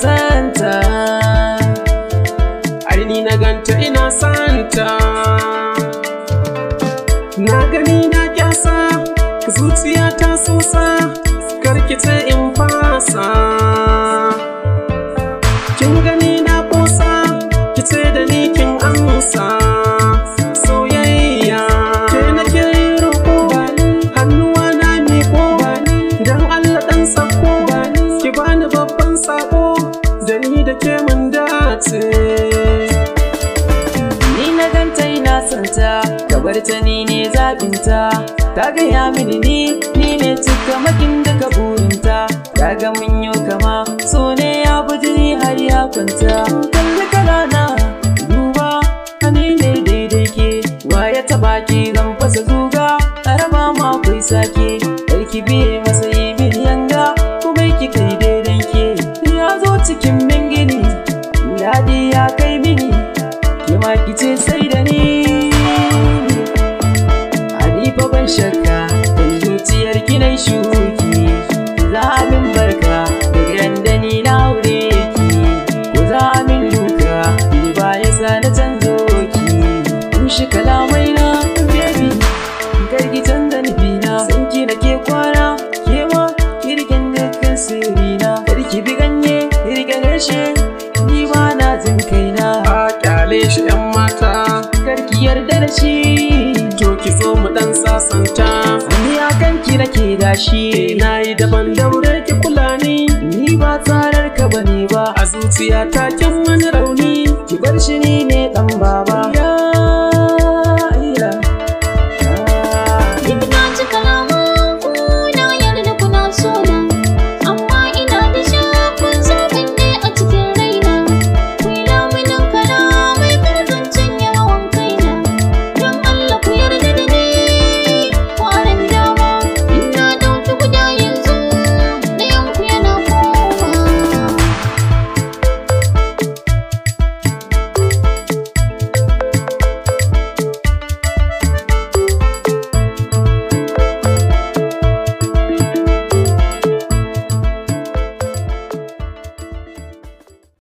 santa ai ni na ganta ina santa na gani na kyasa zuciya ta sosa karkice in fasa mun dace ni na ganta ina santa gabar ta ni ne zabinta ta gaya mini ni ni ne cika makin daga burinta ta ga mun yo kama so ne ya ni har ya kwanta kalli na duba ni ne daidai ke wa ya baki zan babu shakka da zuciyar gidan shuki za min barka da gandani na aure ki ku za min duka ni ba ya sa na canzo ki kun shi kalamai na baby gargi canza nufi na sun ki na ke kwana kewa kirgin dukkan sirri na karki bi ganye kirgin harshe ni ba na jin na. a kyale shi yan mata karki yarda da shi dan sasanta ni a nake gashi eh. na yi daban daure ki kula ni ba tsarar ka bane ba a zuciya ta kin wani rauni ki bar shi ni ne dan baba